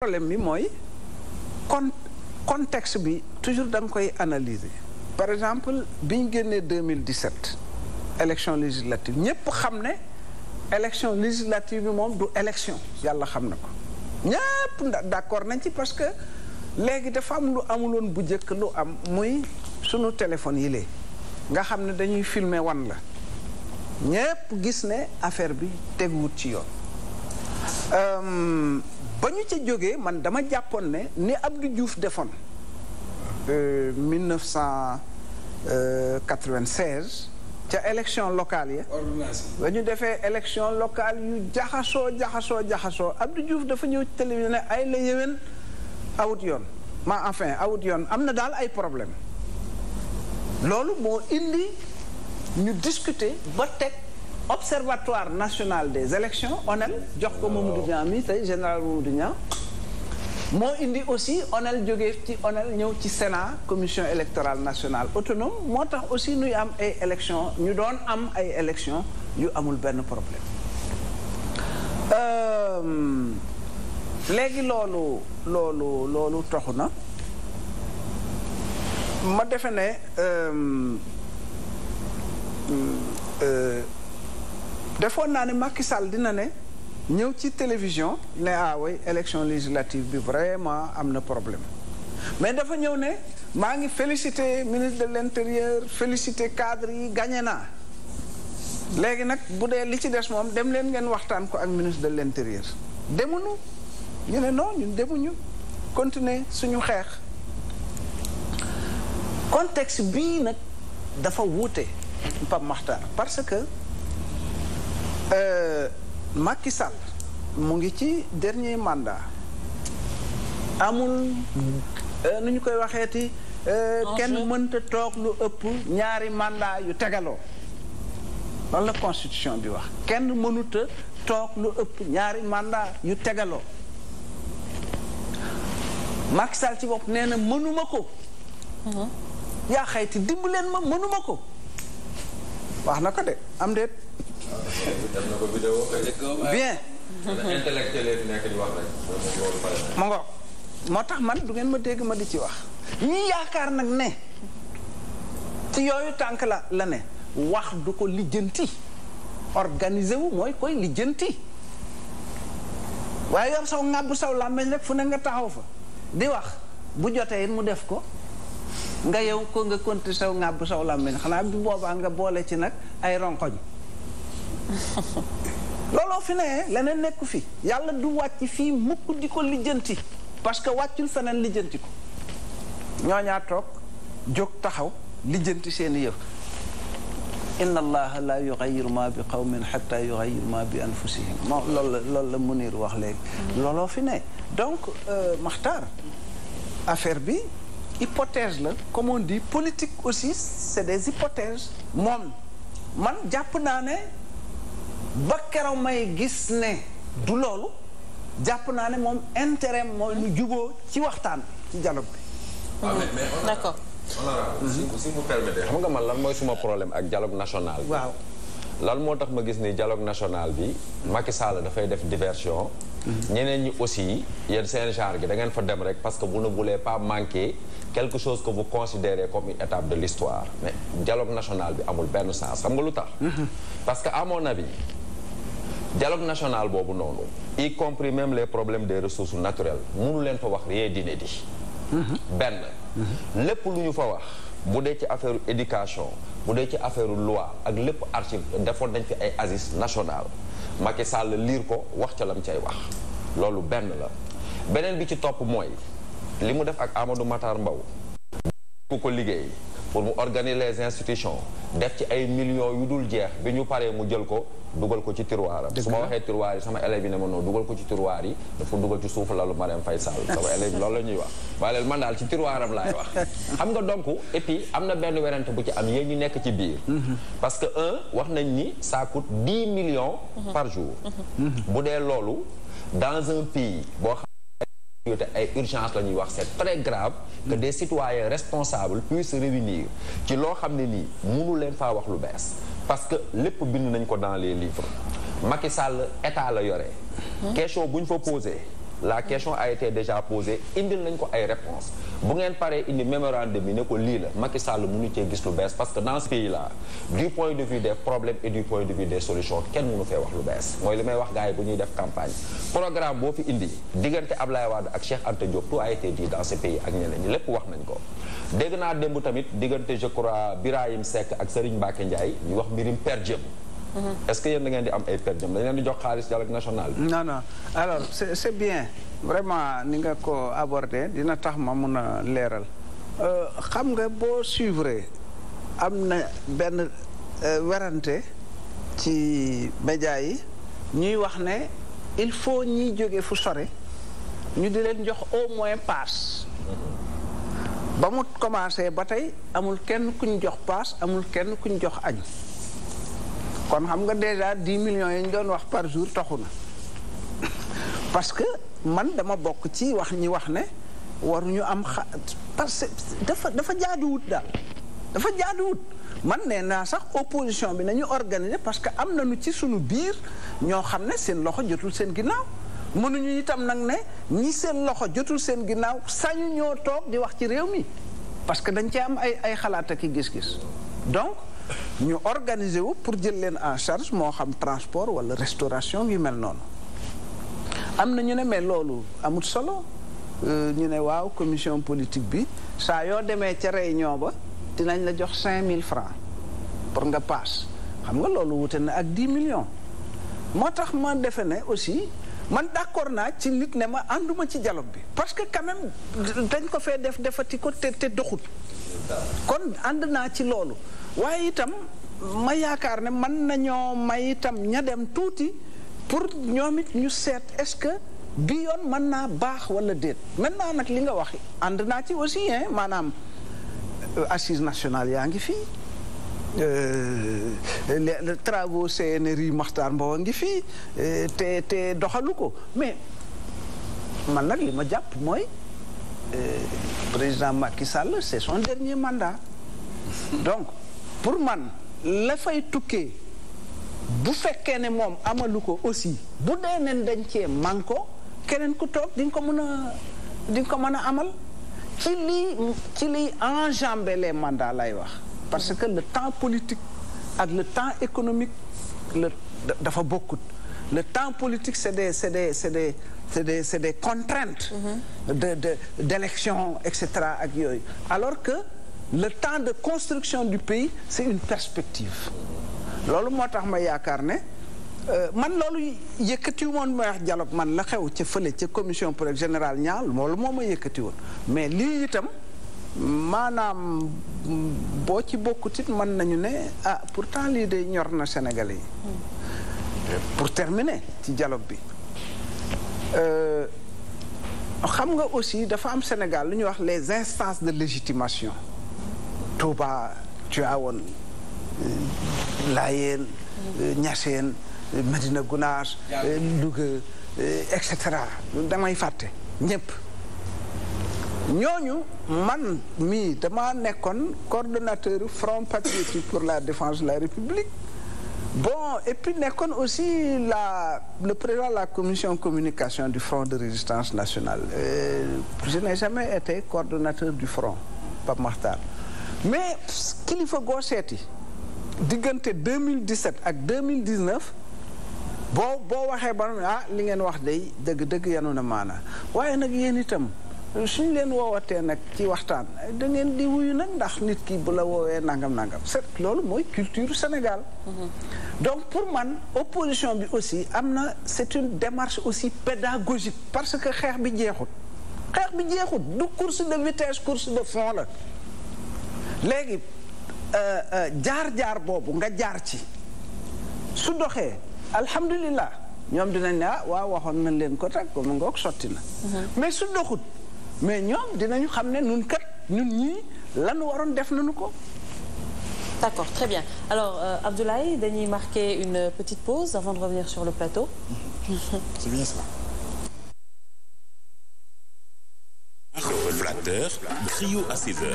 problème bi mooy con contexte bi toujours da koy analyser par exemple bi ñu génnee 2017 élection législative ñëpp xam ne élection législative bi moom du élection yàlla xam na ko ñëpp d'accord nañ ci parce que léegi dafa am lu amuloon bu njëkk lu am muy sunu téléphone yi lee nga xam ne dañuy filmer wan la ñëpp gis ne affaire bi teguwut ci yoon euh, ba ñu ca jógee man dama jàppoon ne ni Abdou juuf defoon 1996 euh, ca élection locale ya ba ñu defee élection locale yu jaxasoo jaxasoo jaxasoo Abdou Diouf dafa ñëw ci ay la yéwén awut yoon ma enfin awut yoon am na daal ay problème loolu moo indi ñu discuter ba teg observatoire national des élections ONEL jox ko Mamadou Niang mi tey général Mamadou moo indi aussi ONEL jógee ci ONEL ñëw ci Sénat commission électorale nationale autonome moo tax aussi nuy am ay élections ñu doon am ay élections yu amul benn problème euh, léegi loolu loolu loolu toxu na ma defe ne euh, euh, defoon naa ne Macky Sall dina ne ñëw ci télévision ne ah oui élection législative bi vraiment am na problème mais dafa ñëw ne maa ngi félicité ministre de l'intérieur félicité cadre yi gagné naa léegi nag bu dee li ci des moom dem leen ngeen waxtaan ko ak ministre de l'intérieur demuñu ñu ne non ñun demuñu continuer suñu xeex contexte bii nag dafa wuute Pape Makhtar parce que Euh, Macky Sall mu ngi ci dernier mandat amul euh, nu ñu koy waxeeti euh, kenn mënta toog lu ëpp ñaari mandat yu tegaloo loolu la constitution bi wax kenn mënuta toog lu ëpp ñaari mandat yu tegaloo Macky Sall ci bopp nee na mënuma ko mhm. yaa xayti dimb leen ma mënuma ko wax na ko de am déet bien. moo tax man du ngeen ma dégg ma di ci wax ñi yaakaar nag ne ci yooyu tànk la la ne wax du ko lijjanti organiser wu mooy koy lijjanti waaye yor saw ŋàbbu saw làmmeñ rek fu ne nga taxaw fa di wax bu jotee it mu def ko nga yow ko nga konti saw ŋàbbu saw làmmeñ xanaa bu boobaa nga boole ci nag ay ronkoñ looloo fi ne leneen nekku fi yàlla du wàcc fii mukk di ko lijjanti parce que wàccul feneen lijjanti ko ñooñaa jóg taxaw lijjanti seeni yëf inna allaha la yugayiru ma bi qawmin xata yugayiru ma bi anfusihim moom loolu la loolu la wax léegi looloo fi ne donc euh, Maxtaar affaire bi hypothèse la comme on dit politique aussi c'est des hypothèses moom man jàpp naa ne ba keroog may gis ne du loolu jàpp naa ne moom intérêt mooy ñu juboo ci waxtaan ci dialogue bi. waaw ah, mais mais xam nga man lan mooy suma problème ak dialogue national. waaw lan moo tax ma gis ni dialogue national bi. Macky Sall dafay def diversion. Mhm. ñeneen ñi aussi yéen seen genre gi da ngeen fa dem rek parce que bu ne bulee pas manquer quelque chose ko bu considérez comme une étape de l'histoire mais dialogue national bi amul benn sens xam nga lu tax. Mhm. parce que amoon na avis. dialogue national boobu noonu y compris même les problèmes des ressources naturelles mënu leen fa wax rien d'inédit benn lépp lu ñu fa wax bu dee ci affaire éducation bu dee ci affaire loi ak lépp archive defoon nañ fi ay assises nationales Macky Sall liir ko wax ca lam cay wax loolu benn la beneen bi ci topp mooy li mu def ak Amadou Matar mbaw ku ko liggéey pour mu organiser les institutions def ci ay millions yu dul jeex bi ñu paree mu jël ko dugal ko ci tiroir am su ma waxee tiroir yi sama élève ne ma noonu dugal ko ci tiroir yi dafa dugal ci suuf lalu Marème Faye Sall sama élève loolu la wax waaye leen man daal ci tiroir laay wax xam nga donc et am na benn werante bu ci am yéen ñu nekk ci biir mm-hmm. parce que un wax nañ ni ça dix millions mm-hmm. par jour mm-hmm. bu dee loolu dans un pays te ay urgence la ñuy wax c'est très grave que des citoyens responsables puissent réunir ci loo xam ne nii mënu leen faa wax lu bees parce que lépp bind nañ ko dans les livres Macky Sall état la yore hmm? question bu fa posé la question a été déjà posée indil nañ ko ay réponses bu ngeen paree indi mémorandum bi ne ko lii la Macky mu mënu cee gis lu bees parce que dans ce pays là du point de vue des problèmes et du point de vue des solutions kenn mënu fee wax lu bees mooy li may wax gars yi bu ñuy def campagne programme boo fi indi diggante Ablaye Wade ak Cheikh Anta Diop tout a été dans ce pays ak ñeneen ñi lépp wax nañ ko dégg naa démb tamit diggante je crois Birahim Seck ak Serigne Mbacké Ndiaye ñu wax mbirim per diem Mm-hmm. est-ce que yéen da di am ay perte ñoom dañ leen di jox xaalis dialogue national bi. non non alors c'est c'est bien vraiment ni nga ko abordé dina tax ma mun a leeral. Euh, xam nga boo suivre am na benn euh, werante ci média yi ñuy wax ne il faut ñuy jóge fu sore ñu di leen jox au moins paas. Mm-hmm. ba mu commencé ba tey amul kenn kuñ jox paas amul kenn kuñ jox añ. kon xam nga déjà dix millions yi ñu doon wax par jour taxu na parce que man dama bokk ci wax ñi wax ne waruñu am xa que dafa dafa jaaduwut daal dafa jaaduwut man nee naa sax opposition bi nañu organiser parce que am nañu ci suñu biir ñoo xam ne seen loxo jotul seen ginnaaw mënuñu itam nag ne ñi seen loxo jotul seen ginnaaw sañu ñoo toog di wax ci réew mi parce que dañ cee am ay ay xalaat ak i gis-gis donc ñu organiser wu pour jël leen en charge moo xam transport wala restauration yu mel noonu am na ñu ne mais loolu amut solo euh, ñu ne waaw commission politique bi saa yoo demee ca réunion ba dinañ la jox cinq mille francs pour nga paas xam nga loolu wute na ak dix millions moo tax ma defe ne aussi man d'accord naa ci nit ne ma ànduma ci dialogue bi parce que quand dañ ko fee def defati ko te doxut kon ànd naa ci loolu waaye itam ma yaakaar ne man nañoo may itam ña dem tuuti pour ñoom it ñu seet est-ce que bi yoon mën naa baax wala déet maintenant nag li nga wax ànd naa ci aussi hein maanaam euh, assise nationale yaa ngi fii les euh, euh, travaux CNRI mboow a ngi fii euh, te te doxalu ko mais man nag li ma jàpp mooy président Macky Sall c'est son dernier mandat donc pour man la fay tukkee bu fekkee ne moom amalu ko aussi bu dee dañ cee man ko keneen ku toog di ko mën a di ko mën a amal ci lii ci liy enjamber les mandats lay wax parce que le temps politique ak le temps économique le dafa bokkut le temps politique c'est des c'est des des c'est des c'est des contraintes mm-hmm. de de d'élection et ak yooyu alors que le temps de construction du pays c'est une perspective loolu moo tax ma yaakaar ne euh, man loolu yëkkati woon ma wax dialogue man la xew ca fële ca commission pour général ñaar loolu moo ma yëkkati woon mais lii itam maanaam boo ci bokkut it mën nañu ne ah pourtant lii de ñor na Sénégalais yi. pour terminer ci dialogue bi. Euh, xam nga aussi dafa am Sénégal lu ñuy wax les instances de légitimation. Touba Tivaouane euh, Layeen. Euh, Niassène Medina Gounass. Louga et cetera damay fàtte ñëpp ñooñu. man mii damaa nekkoon coordonnateur front patriotique pour la défense de la république bon et puis nekkoon aussi la le président la commission communication du front de résistance nationale et je n'ai jamais été coordonnateur du front Pape Makhtar mais kilifa goo seeti diggante mille 2017 ak deux mille 2019 boo boo waxee ba ah li ngeen wax day dëgg dëgg yanu na maana waaye nag yeen itam suñ leen woowatee nag ci waxtaan da ngeen di wuyu nag ndax nit ki bu la woowee nangam nangam set loolu mooy culture Sénégal. Mm-hmm. donc pour man opposition bi aussi am na c'est une démarche aussi pédagogique parce que xeex bi jeexut. xeex bi jeexut du course de vitesse course de fond la léegi euh, euh, jaar-jaar boobu nga jaar ci su doxee alhamdulilah ñoom dinañ ne ah waaw waxoon nañ leen ko teg ko mu ngoog sotti na mm-hmm. mais su doxut mais ñoom dinañu xam ne ñun kat ñun ñii lan waroon def nañu ko. d'accord très bien alors euh, Abdoulaye dañuy marquer une petite pause avant de revenir sur le plateau. c'est bien ça. Révélateur, griot à 16h.